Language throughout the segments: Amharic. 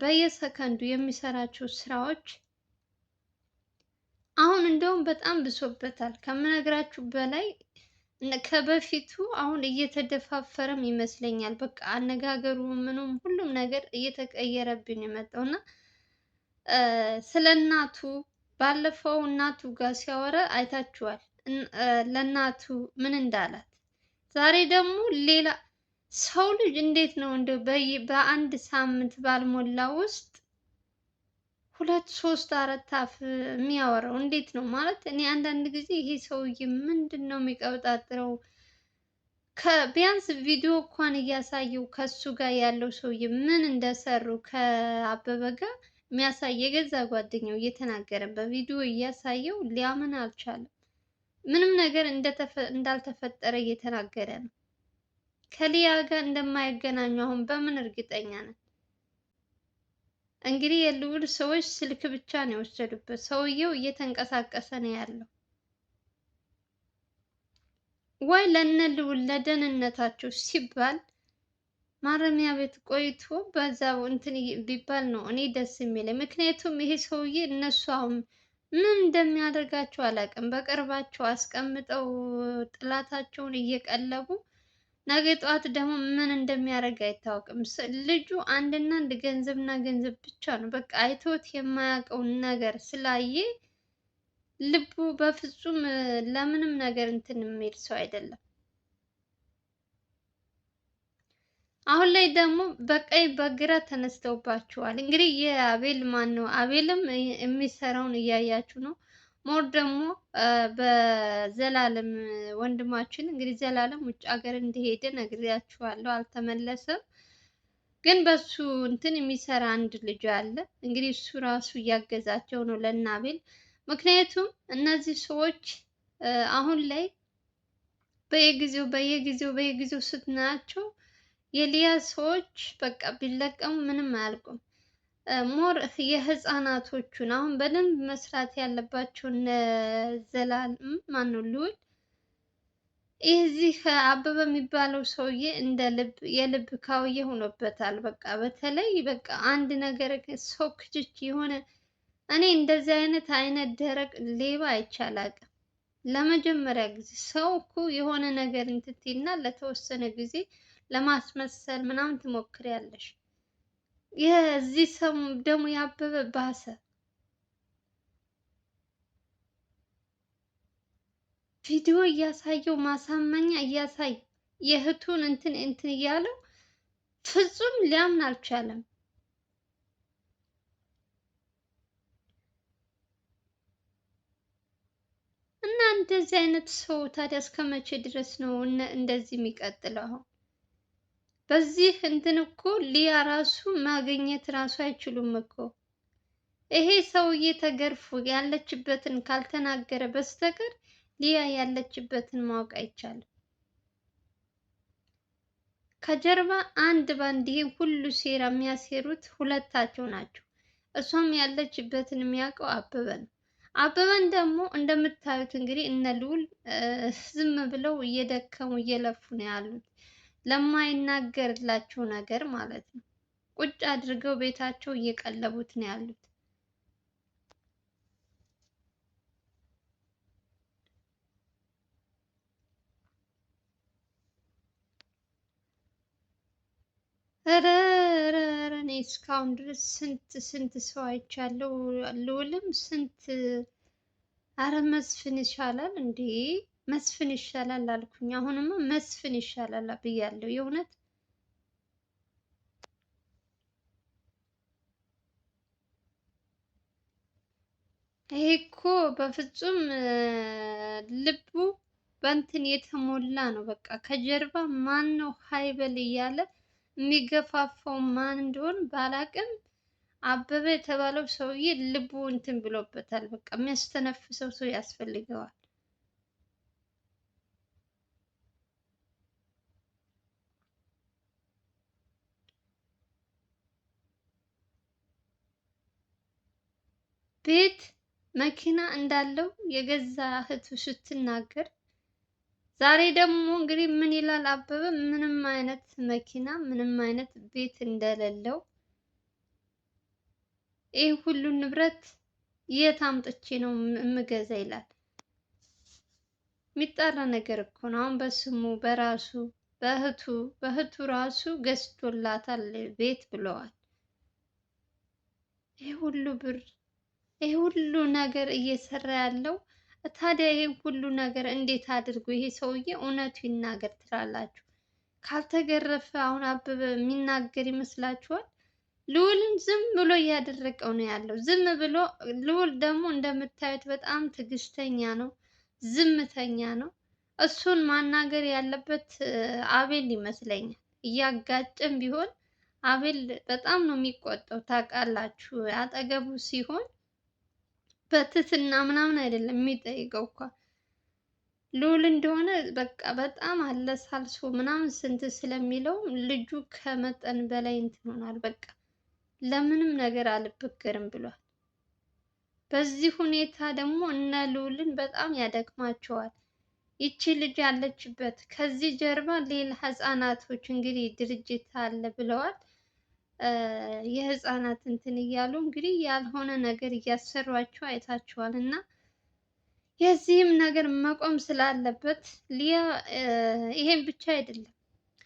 በየሰከንዱ የሚሰራቸው ስራዎች አሁን እንደውም በጣም ብሶበታል ከምነግራችሁ በላይ ከበፊቱ አሁን እየተደፋፈረም ይመስለኛል። በቃ አነጋገሩ ምኑም ሁሉም ነገር እየተቀየረብን የመጣው እና ስለ እናቱ ባለፈው እናቱ ጋር ሲያወራ አይታችኋል፣ ለእናቱ ምን እንዳላት። ዛሬ ደግሞ ሌላ ሰው ልጅ እንዴት ነው እንደ በአንድ ሳምንት ባልሞላ ውስጥ ሁለት ሶስት አራት አፍ የሚያወራው እንዴት ነው ማለት? እኔ አንዳንድ ጊዜ ይሄ ሰውዬ ምንድን ነው የሚቀብጣጥረው? ከቢያንስ ቪዲዮ እንኳን እያሳየው ከሱ ጋር ያለው ሰውዬ ምን እንደሰሩ ከአበበ ጋር የሚያሳይ የገዛ ጓደኛው እየተናገረ በቪዲዮ እያሳየው ሊያምን አልቻለም። ምንም ነገር እንዳልተፈጠረ እየተናገረ ነው። ከሊያ ጋር እንደማይገናኙ አሁን በምን እርግጠኛ ነን? እንግዲህ የልዑል ሰዎች ስልክ ብቻ ነው የወሰዱበት። ሰውየው እየተንቀሳቀሰ ነው ያለው። ወይ ለነ ልዑል ለደህንነታቸው ሲባል ማረሚያ ቤት ቆይቶ በዛ እንትን ቢባል ነው እኔ ደስ የሚለኝ። ምክንያቱም ይሄ ሰውዬ እነሱ አሁን ምን እንደሚያደርጋቸው አላውቅም። በቅርባቸው አስቀምጠው ጥላታቸውን እየቀለቡ ነገ ጠዋት ደግሞ ምን እንደሚያደርግ አይታወቅም። ልጁ አንድና አንድ ገንዘብና ገንዘብ ብቻ ነው። በቃ አይቶት የማያውቀውን ነገር ስላየ ልቡ በፍጹም ለምንም ነገር እንትን የሚል ሰው አይደለም። አሁን ላይ ደግሞ በቀኝ በግራ ተነስተውባቸዋል እንግዲህ የአቤል ማን ነው? አቤልም የሚሰራውን እያያችሁ ነው። ሞር ደግሞ በዘላለም ወንድማችን እንግዲህ ዘላለም ውጭ ሀገር እንደሄደ ነግሬያችኋለሁ። አልተመለሰም። ግን በሱ እንትን የሚሰራ አንድ ልጅ አለ። እንግዲህ እሱ ራሱ እያገዛቸው ነው ለናቤል ምክንያቱም እነዚህ ሰዎች አሁን ላይ በየጊዜው በየጊዜው በየጊዜው ስትናያቸው የሊያ ሰዎች በቃ ቢለቀሙ ምንም አያልቁም። ሞር የህፃናቶቹን አሁን በደንብ መስራት ያለባቸው ዘላለም ማነው ልዑል ይህዚህ አበበ የሚባለው ሰውዬ እንደ ልብ የልብ ካውዬ ሆኖበታል። በቃ በተለይ በቃ አንድ ነገር ሰው ክችች የሆነ እኔ እንደዚህ አይነት አይነት ደረቅ ሌባ አይቻላቅም። ለመጀመሪያ ጊዜ ሰው እኮ የሆነ ነገር እንትትና ለተወሰነ ጊዜ ለማስመሰል ምናምን ትሞክሪያለሽ የዚህ ሰው ደግሞ ያበበ ባሰ። ቪዲዮ እያሳየው ማሳመኛ እያሳይ የእህቱን እንትን እንትን እያለው ፍጹም ሊያምን አልቻለም። እና እንደዚህ አይነት ሰው ታዲያ እስከ መቼ ድረስ ነው እንደዚህ የሚቀጥለው? አሁን በዚህ እንትን እኮ ሊያ ራሱ ማግኘት ራሱ አይችሉም እኮ። ይሄ ሰውዬ ተገርፎ ያለችበትን ካልተናገረ በስተቀር ሊያ ያለችበትን ማወቅ አይቻልም። ከጀርባ አንድ ባንድ ይሄ ሁሉ ሴራ የሚያሴሩት ሁለታቸው ናቸው። እሷም ያለችበትን የሚያውቀው አበበ ነው። አበበን ደግሞ እንደምታዩት እንግዲህ እነ ልዑል ዝም ብለው እየደከሙ እየለፉ ነው ያሉት። ለማይናገርላቸው ነገር ማለት ነው። ቁጭ አድርገው ቤታቸው እየቀለቡት ነው ያሉት። ኧረ እኔ እስካሁን ድረስ ስንት ስንት ሰው አይቻለሁ። ልውልም ስንት አረ መስፍን ይሻላል እንዴ! መስፍን ይሻላል አልኩኝ። አሁንማ መስፍን ይሻላል ብያለሁ የእውነት ይሄ እኮ በፍጹም ልቡ በእንትን የተሞላ ነው። በቃ ከጀርባ ማን ነው ሀይበል እያለ የሚገፋፋው ማን እንደሆን ባላቅም አበበ የተባለው ሰውዬ ልቡ እንትን ብሎበታል። በቃ የሚያስተነፍሰው ሰው ያስፈልገዋል። ቤት መኪና እንዳለው የገዛ እህቱ ስትናገር፣ ዛሬ ደግሞ እንግዲህ ምን ይላል አበበ? ምንም አይነት መኪና ምንም አይነት ቤት እንደሌለው ይህ ሁሉ ንብረት የት አምጥቼ ነው የምገዛ ይላል። የሚጠራ ነገር እኮ ነው። አሁን በስሙ በራሱ በእህቱ በእህቱ ራሱ ገዝቶላታል ቤት ብለዋል። ይህ ሁሉ ብር ይሄ ሁሉ ነገር እየሰራ ያለው ታዲያ ይሄ ሁሉ ነገር እንዴት አድርጎ ይሄ ሰውዬ እውነቱ ይናገር ትላላችሁ? ካልተገረፈ አሁን አበበ የሚናገር ይመስላችኋል? ልዑልን ዝም ብሎ እያደረቀው ነው ያለው። ዝም ብሎ ልዑል ደግሞ እንደምታዩት በጣም ትዕግስተኛ ነው፣ ዝምተኛ ነው። እሱን ማናገር ያለበት አቤል ይመስለኛል። እያጋጨም ቢሆን አቤል በጣም ነው የሚቆጣው ታውቃላችሁ። አጠገቡ ሲሆን በትህትና ምናምን አይደለም የሚጠይቀው እኮ ልዑል እንደሆነ በቃ በጣም አለሳልሶ ምናምን ስንት ስለሚለው ልጁ ከመጠን በላይ እንትን ሆኗል። በቃ ለምንም ነገር አልበገርም ብሏል። በዚህ ሁኔታ ደግሞ እነ ልዑልን በጣም ያደክማቸዋል። ይቺ ልጅ ያለችበት ከዚህ ጀርባ ሌላ ህፃናቶች እንግዲህ ድርጅት አለ ብለዋል። የህፃናት እንትን እያሉ እንግዲህ ያልሆነ ነገር እያሰሯቸው አይታችኋል። እና የዚህም ነገር መቆም ስላለበት ሊያ ይሄን ብቻ አይደለም፣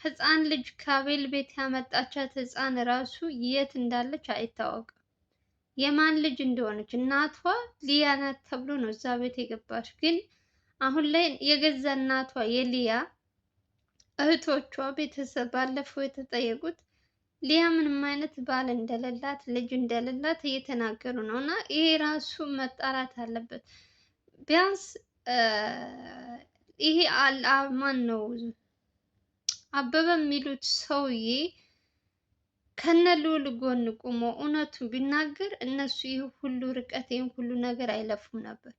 ህፃን ልጅ ከአቤል ቤት ያመጣቻት ህፃን ራሱ የት እንዳለች አይታወቅም። የማን ልጅ እንደሆነች እናቷ ሊያ ናት ተብሎ ነው እዛ ቤት የገባች። ግን አሁን ላይ የገዛ እናቷ የሊያ እህቶቿ ቤተሰብ ባለፈው የተጠየቁት ሊያ ምንም አይነት ባል እንደሌላት ልጅ እንደሌላት እየተናገሩ ነው። እና ይሄ ራሱ መጣራት አለበት። ቢያንስ ይሄ ማን ነው አበበ የሚሉት ሰውዬ ከነ ልዑል ጎን ቁሞ እውነቱን ቢናገር እነሱ ይህ ሁሉ ርቀት ይህን ሁሉ ነገር አይለፉም ነበር።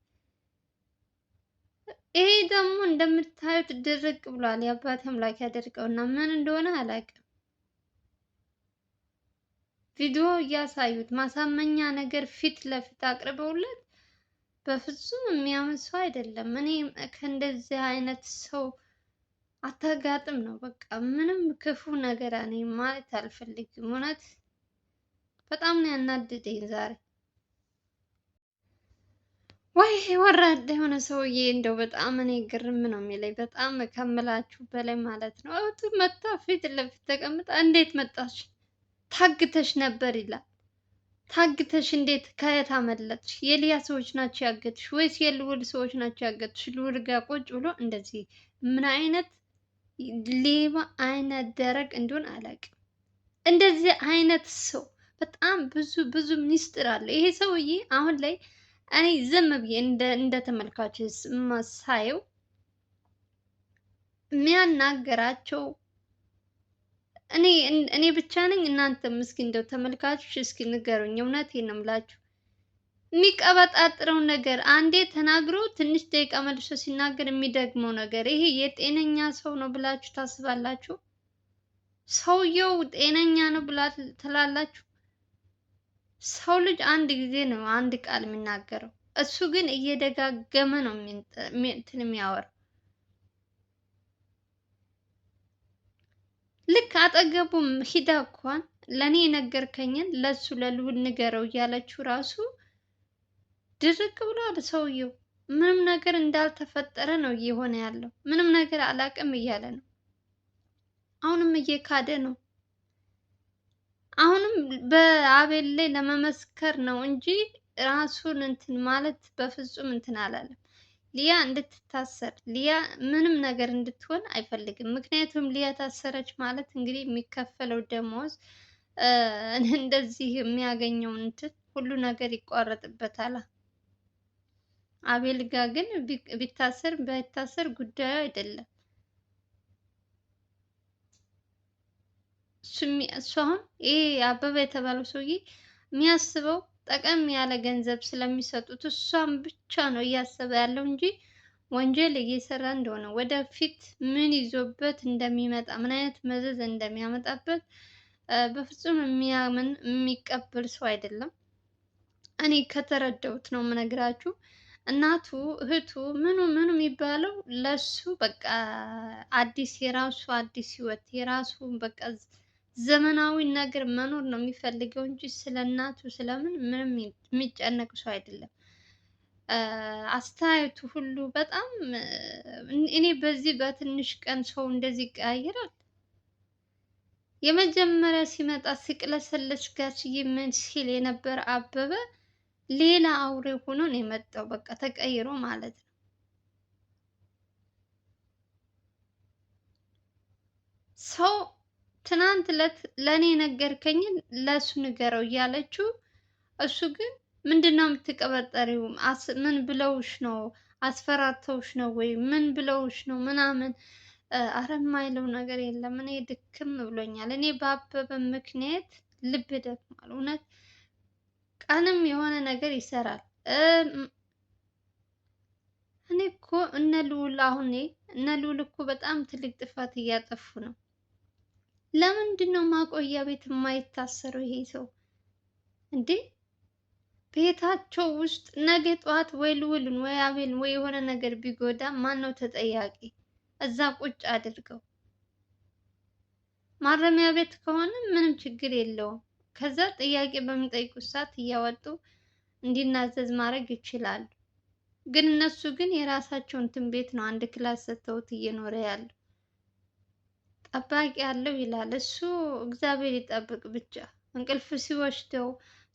ይሄ ደግሞ እንደምታዩት ድርቅ ብሏል። የአባት አምላክ ያደርገውና ምን እንደሆነ አላውቅም። ቪዲዮ እያሳዩት ማሳመኛ ነገር ፊት ለፊት አቅርበውለት በፍጹም የሚያምን ሰው አይደለም። እኔ ከእንደዚህ አይነት ሰው አታጋጥም ነው በቃ። ምንም ክፉ ነገር እኔ ማለት አልፈልግም። እውነት በጣም ነው ያናደደኝ ዛሬ። ወይ ወራዳ የሆነ ሰውዬ እንደው በጣም እኔ ግርም ነው የሚለኝ፣ በጣም ከምላችሁ በላይ ማለት ነው። መታ ፊት ለፊት ተቀምጣ እንዴት መጣች? ታግተሽ ነበር ይላል። ታግተሽ እንዴት ከየት አመለጥሽ? የሊያ ሰዎች ናቸው ያገትሽ ወይስ የልውል ሰዎች ናቸው ያገትሽ? ልውል ጋር ቁጭ ብሎ እንደዚህ ምን አይነት ሌባ አይነት ደረቅ እንዲሆን አላውቅም። እንደዚህ አይነት ሰው በጣም ብዙ ብዙ ሚስጥር አለ። ይሄ ሰውዬ አሁን ላይ እኔ ዝም ብዬ እንደ ተመልካች ሳየው የሚያናገራቸው እኔ እኔ ብቻ ነኝ? እናንተም እስኪ እንደው ተመልካቾች እስኪ ንገሩኝ። እውነት ነው የምላችሁ የሚቀበጣጥረው ነገር አንዴ ተናግሮ ትንሽ ደቂቃ መልሶ ሲናገር የሚደግመው ነገር ይሄ የጤነኛ ሰው ነው ብላችሁ ታስባላችሁ? ሰውየው ጤነኛ ነው ብላ ትላላችሁ? ሰው ልጅ አንድ ጊዜ ነው አንድ ቃል የሚናገረው። እሱ ግን እየደጋገመ ነው እንትን የሚያወራው። ልክ አጠገቡም ሂዳ እንኳን ለእኔ የነገርከኝን ለሱ ለልዑል ንገረው እያለችው ራሱ ድርቅ ብሏል ሰውየው። ምንም ነገር እንዳልተፈጠረ ነው እየሆነ ያለው። ምንም ነገር አላቅም እያለ ነው። አሁንም እየካደ ነው። አሁንም በአቤል ላይ ለመመስከር ነው እንጂ ራሱን እንትን ማለት በፍጹም እንትን አላለም። ሊያ እንድትታሰር ሊያ ምንም ነገር እንድትሆን አይፈልግም። ምክንያቱም ሊያ ታሰረች ማለት እንግዲህ የሚከፈለው ደሞዝ እንደዚህ የሚያገኘው እንትን ሁሉ ነገር ይቋረጥበታል። አቤል ጋ ግን ቢታሰር ባይታሰር ጉዳዩ አይደለም። እሷም ይሄ አበባ የተባለው ሰውዬ የሚያስበው ጠቀም ያለ ገንዘብ ስለሚሰጡት እሷን ብቻ ነው እያሰበ ያለው እንጂ ወንጀል እየሰራ እንደሆነ ወደፊት ምን ይዞበት እንደሚመጣ ምን አይነት መዘዝ እንደሚያመጣበት በፍጹም የሚያምን የሚቀበል ሰው አይደለም። እኔ ከተረዳሁት ነው የምነግራችሁ። እናቱ እህቱ፣ ምኑ ምኑ የሚባለው ለሱ በቃ አዲስ የራሱ አዲስ ህይወት የራሱ በቃ ዘመናዊ ነገር መኖር ነው የሚፈልገው እንጂ ስለ እናቱ ስለምን ምንም የሚጨነቅ ሰው አይደለም። አስተያየቱ ሁሉ በጣም እኔ በዚህ በትንሽ ቀን ሰው እንደዚህ ይቀያየራል። የመጀመሪያ ሲመጣ ሲቅለሰለስ ጋሽዬ ምን ሲል የነበረ አበበ ሌላ አውሬ ሆኖ ነው የመጣው። በቃ ተቀይሮ ማለት ነው። ሰው ትናንት ዕለት ለእኔ ነገርከኝን ለእሱ ንገረው እያለችው፣ እሱ ግን ምንድን ነው የምትቀበጠሪው? ምን ብለውሽ ነው? አስፈራርተውሽ ነው ወይ? ምን ብለውሽ ነው? ምናምን አረ የማይለው ነገር የለም። እኔ ድክም ብሎኛል። እኔ በአበበ ምክንያት ልብ ደክሟል። እውነት ቀንም የሆነ ነገር ይሰራል። እኔ እኮ እነ ልዑል አሁን እነ ልዑል እኮ በጣም ትልቅ ጥፋት እያጠፉ ነው። ለምንድን ነው ማቆያ ቤት የማይታሰረው ይሄ ሰው እንዴ? ቤታቸው ውስጥ ነገ ጠዋት ወይ ልውልን ወይ አቤልን ወይ የሆነ ነገር ቢጎዳ ማን ነው ተጠያቂ? እዛ ቁጭ አድርገው። ማረሚያ ቤት ከሆነ ምንም ችግር የለውም። ከዛ ጥያቄ በሚጠይቁት ሰዓት እያወጡ እንዲናዘዝ ማድረግ ይችላሉ። ግን እነሱ ግን የራሳቸውን እንትን ቤት ነው አንድ ክላስ ሰጥተውት እየኖረ ያለው። ጠባቂ አለው ይላል። እሱ እግዚአብሔር ይጠብቅ ብቻ። እንቅልፍ ሲወስደው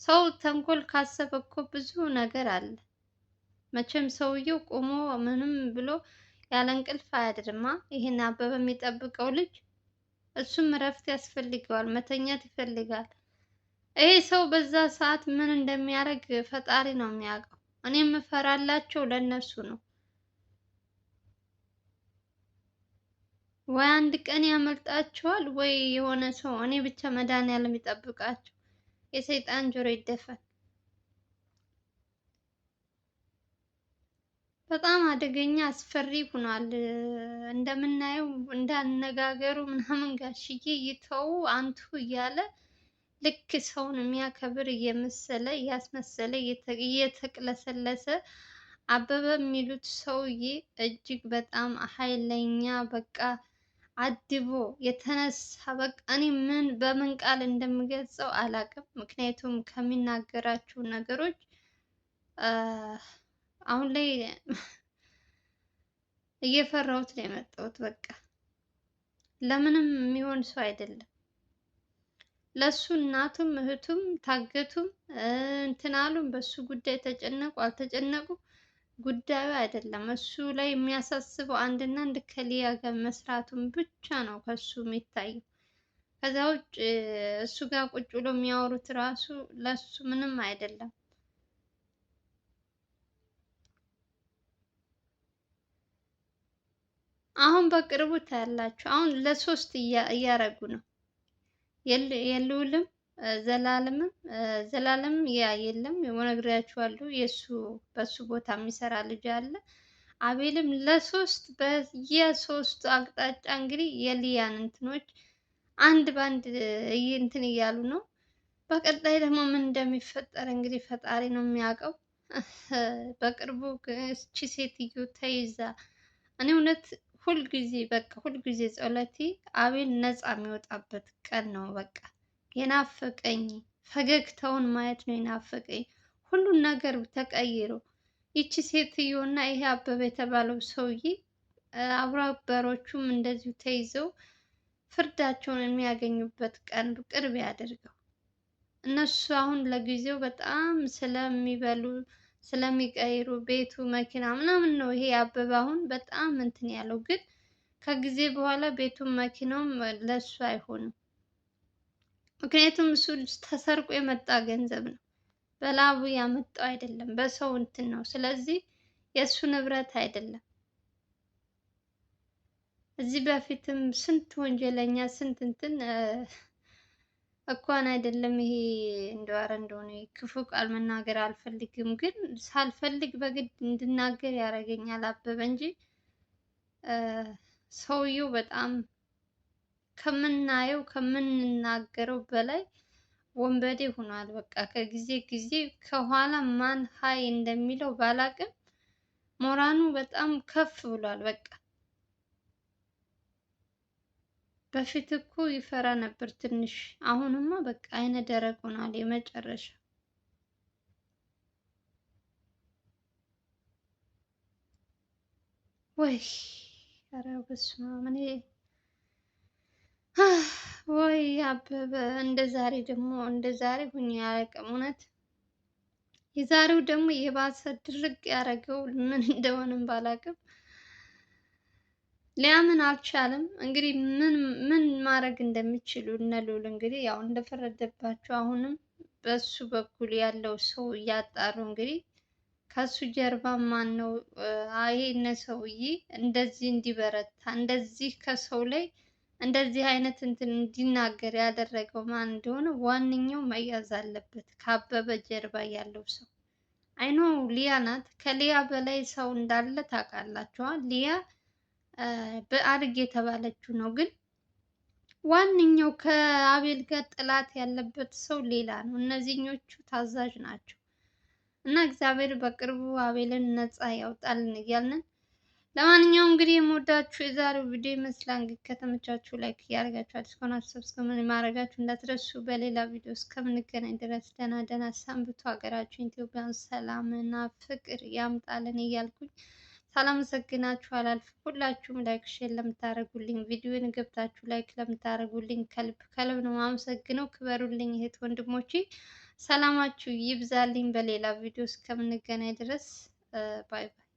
ሰው ተንኮል ካሰበ እኮ ብዙ ነገር አለ። መቼም ሰውየው ቆሞ ምንም ብሎ ያለ እንቅልፍ አያድርማ። ይህን አበበ የሚጠብቀው ልጅ እሱም እረፍት ያስፈልገዋል፣ መተኛት ይፈልጋል። ይሄ ሰው በዛ ሰዓት ምን እንደሚያደርግ ፈጣሪ ነው የሚያውቀው። እኔ የምፈራላቸው ለእነሱ ነው። ወይ አንድ ቀን ያመልጣቸዋል ወይ የሆነ ሰው እኔ ብቻ መድኃኒዓለም የሚጠብቃቸው የሰይጣን ጆሮ ይደፈን። በጣም አደገኛ አስፈሪ ሆኗል። እንደምናየው እንዳነጋገሩ ምናምን ጋሽዬ ይተው አንቱ እያለ ልክ ሰውን የሚያከብር እየመሰለ እያስመሰለ እየተቅለሰለሰ አበበ የሚሉት ሰውዬ እጅግ በጣም ኃይለኛ በቃ አድቦ የተነሳ በቃ እኔ ምን በምን ቃል እንደምገልጸው አላውቅም። ምክንያቱም ከሚናገራቸው ነገሮች አሁን ላይ እየፈራሁት ነው የመጣሁት። በቃ ለምንም የሚሆን ሰው አይደለም። ለሱ እናቱም እህቱም ታገቱም እንትን አሉም በሱ ጉዳይ ተጨነቁ አልተጨነቁም ጉዳዩ አይደለም። እሱ ላይ የሚያሳስበው አንድና አንድ ከሊያ ጋር መስራቱን ብቻ ነው ከሱ የሚታየው። ከዛ ውጭ እሱ ጋር ቁጭ ብሎ የሚያወሩት ራሱ ለሱ ምንም አይደለም። አሁን በቅርቡ ታያላችሁ። አሁን ለሶስት እያረጉ ነው የልውልም ዘላለምም ዘላለም ያ የለም ነግሬያችኋለሁ። የእሱ በሱ ቦታ የሚሰራ ልጅ አለ። አቤልም ለሶስት በየሶስቱ አቅጣጫ እንግዲህ የሊያን እንትኖች አንድ በአንድ እንትን እያሉ ነው። በቀጣይ ደግሞ ምን እንደሚፈጠር እንግዲህ ፈጣሪ ነው የሚያውቀው። በቅርቡ እቺ ሴትዮ ተይዛ እኔ እውነት ሁልጊዜ በቃ ሁልጊዜ ጸሎቴ አቤል ነፃ የሚወጣበት ቀን ነው በቃ የናፈቀኝ ፈገግታውን ማየት ነው የናፈቀኝ። ሁሉን ነገር ተቀይሮ ይቺ ሴትዮ እና ይሄ አበበ የተባለው ሰውዬ አብራበሮቹም አበሮቹም እንደዚሁ ተይዘው ፍርዳቸውን የሚያገኙበት ቀን ቅርብ ያደርገው። እነሱ አሁን ለጊዜው በጣም ስለሚበሉ ስለሚቀይሩ ቤቱ፣ መኪና ምናምን ነው ይሄ አበበ አሁን በጣም እንትን ያለው ግን ከጊዜ በኋላ ቤቱም መኪናውም ለሱ አይሆንም። ምክንያቱም እሱ ተሰርቆ የመጣ ገንዘብ ነው። በላቡ ያመጣው አይደለም፣ በሰው እንትን ነው። ስለዚህ የእሱ ንብረት አይደለም። እዚህ በፊትም ስንት ወንጀለኛ ስንት እንትን እኳን አይደለም ይሄ እንደዋረ እንደሆነ ክፉ ቃል መናገር አልፈልግም፣ ግን ሳልፈልግ በግድ እንድናገር ያደርገኛል አበበ እንጂ ሰውየው በጣም ከምናየው ከምንናገረው በላይ ወንበዴ ሆኗል። በቃ ከጊዜ ጊዜ ከኋላ ማን ሀይ እንደሚለው ባላቅም ሞራኑ በጣም ከፍ ብሏል። በቃ በፊት እኮ ይፈራ ነበር ትንሽ፣ አሁንማ በቃ አይነ ደረቅ ሆኗል። የመጨረሻ ወይ ኧረ በስመ አብ ወይ አበበ እንደ ዛሬ ደግሞ እንደ ዛሬ ሁኝ ያለቀም። እውነት የዛሬው ደግሞ የባሰ ድርቅ ያደረገው ምን እንደሆነም ባላቅም ሊያምን አልቻለም። እንግዲህ ምን ምን ማድረግ እንደሚችሉ እነ ልዑል እንግዲህ ያው እንደፈረደባቸው አሁንም በሱ በኩል ያለው ሰው እያጣሩ እንግዲህ ከሱ ጀርባ ማን ነው? ይሄ እነ ሰውዬ እንደዚህ እንዲበረታ እንደዚህ ከሰው ላይ እንደዚህ አይነት እንትን እንዲናገር ያደረገው ማን እንደሆነ ዋነኛው መያዝ አለበት፣ ከአበበ ጀርባ ያለው ሰው። አይኖ ሊያ ናት። ከሊያ በላይ ሰው እንዳለ ታውቃላችኋ። ሊያ በአርግ የተባለችው ነው። ግን ዋነኛው ከአቤል ጋር ጥላት ያለበት ሰው ሌላ ነው። እነዚህኞቹ ታዛዥ ናቸው። እና እግዚአብሔር በቅርቡ አቤልን ነፃ ያውጣልን እያልን ለማንኛውም እንግዲህ የምወዳችሁ የዛሬው ቪዲዮ ይመስላል። እንግዲህ ከተመቻችሁ ላይክ እያደረጋችሁ አዲስ ከሆናችሁ ሰብስክራይብ ማድረጋችሁ እንዳትረሱ። በሌላ ቪዲዮ እስከምንገናኝ ድረስ ደህና ደህና ሰንብቱ። ሀገራችን ኢትዮጵያን ሰላምና ፍቅር ያምጣልን እያልኩኝ ሳላመሰግናችሁ አላልፍ። ሁላችሁም ላይክ ሼር ለምታደርጉልኝ ቪዲዮን ገብታችሁ ላይክ ለምታደርጉልኝ ከልብ ከልብ ነው አመሰግነው። ክበሩልኝ እህት ወንድሞቼ፣ ሰላማችሁ ይብዛልኝ። በሌላ ቪዲዮ እስከምንገናኝ ድረስ ባይ ባይ።